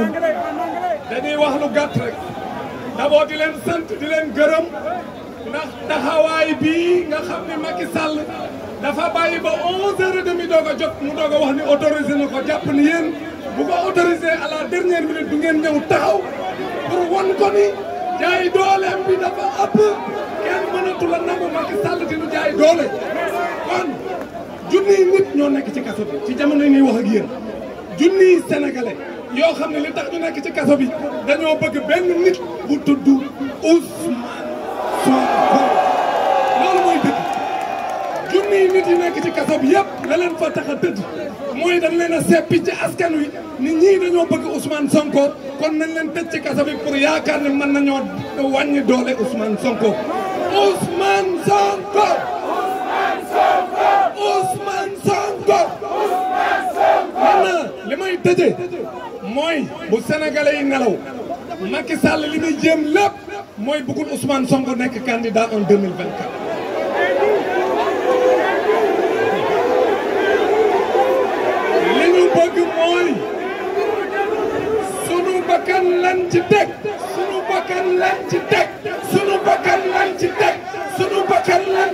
ñëwul dañuy wax lu gàtt rek d'abord di leen sant di leen gërëm ndax taxawaay bii nga xam ni Macky Sall dafa bàyyi ba 11 heures et doog a jot mu doog a wax ni autorisé na ko jàpp ni yéen bu ko autorisé à la dernière minute du ngeen ñëw taxaw pour wan ko ni jaay dooleem bi dafa ëpp kenn mënatu la nangu Macky Sall di nu jaay doole kon junniy nit ñoo nekk ci kaso ci jamono yi ñuy wax ak yéen junniy sénégalais. yoo xam ne li tax ñu nekk ci kaso bi dañoo bëgg benn nit bu tudd Ousmane Sonko loolu mooy dëgg junniy nit yi nekk ci kaso bi yëpp la leen fa tax a tëdd mooy dañ leen a seppi ci askan wi nit ñii dañoo bëgg Ousmane Sonko kon nañ leen tëj ci kaso bi pour yaakaar ne mën nañoo wàññi doole Ousmane Sonko Ousmane Sonko Ousmane Sonko li may tëje mooy bu sénégalais yi nelaw Macky Sall li muy jéem lépp mooy bëggul Ousmane Sonko nekk candidat en 2024 li ñu bëgg mooy sunu bakkan lan ci teg sunu bakkan lan ci teg sunu bakkan lan ci teg sunu bakkan lan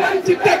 lan ci teg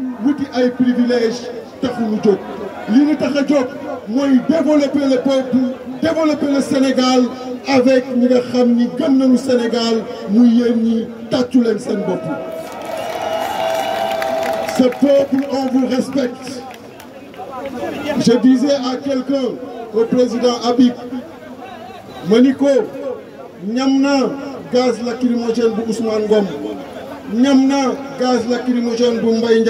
wuti ay privilèges taxuñu jóg li ñu tax a jóg mooy développer le peuple développer le Sénégal avec ñi nga xam ni gëm nañu Sénégal muy yéen ñi tàccu leen seen bopp. Ce peuple, on vous respecte. Je disais à quelqu'un, au président Habib, Maniko, Nyamna, gaz lacrymogène pour Ousmane Gom, na gaz lacrymogène pour Mbaye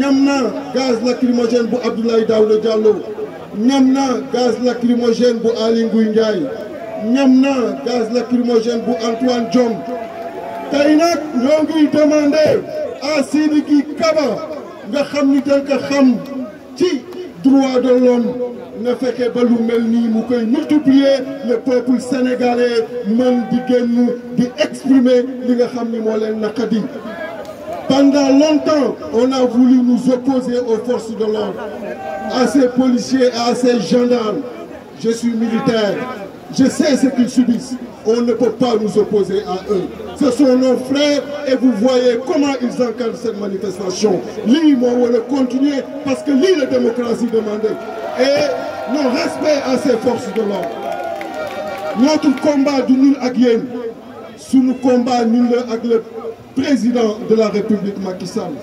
ñam naa gaz lacrymogène bu Abdoulaye Daouda Diallo ñam naa gaz lacrymogène bu Aly Ngouille Ndiaye ñam naa gaz lacrymogène bu Antoine Diome tey nag ñoo ngi demandé à Sidiki Kaba nga xam ni danga xam ci droit de l'homme na fexe ba lu mel nii mu koy multiplier le peuple sénégalais mën di génn di exprimer li nga xam ni moo leen naqadi Pendant longtemps, on a voulu nous opposer aux forces de l'ordre, à ces policiers, à ces gendarmes. Je suis militaire, je sais ce qu'ils subissent. On ne peut pas nous opposer à eux. Ce sont nos frères et vous voyez comment ils encadrent cette manifestation. Lii moo war continuer parce que lii la démocratie demandait. Et nos respects à ces forces de l'ordre. Notre combat du ñun ak yéen, sunu combat ñun la président de la république Macky Sall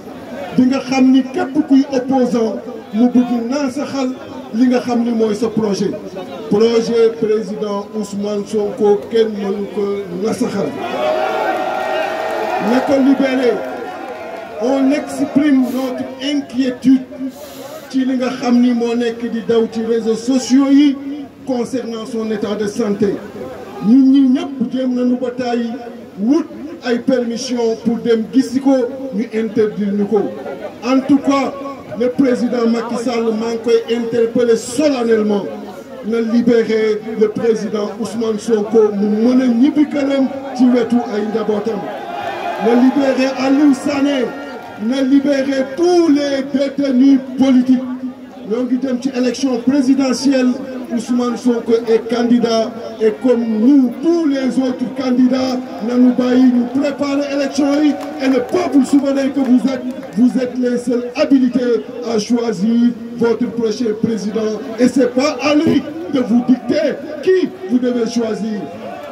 bi nga xam ni képp kuy opposant mu bëgg naa sa xal li nga xam ni mooy sa projet projet président Ousmane Sonko kenn mënu ko nasaxal na ko libéré on exprime notre inquiétude ci li nga xam ni moo nekk di daw ci réseau sociaux yi concernant son état de santé ñun ñi ñëpp jéem nañu ba tàyyi wut ay permission pour dem gisi ko ñu interdire ñu ko en tout cas le président Macky Sall maa ngi koy interpeller solennellement na libérer le président Ousmane Sonko mu mën a ñibbi këram ci wetu ay njabootam na libérer Aliou Sané na libérer tous les détenus politiques ñoo ngi dem ci élection présidentielle Ousmane Sonko est candidat et comme nous tous les autres candidats nañu bàyyi ñu préparer élection et le peuple souverain que vous êtes les seuls habilités à choisir votre prochain président et c'est pas à lui de vous dicter qui vous devez choisir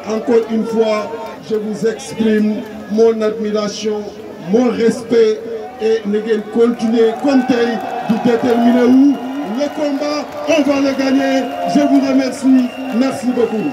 encore une fois je vous exprime mon admiration mon respect et na ngeen continuer comme tey déterminer wu Le combat, on va le gagner. Je vous remercie. Merci beaucoup.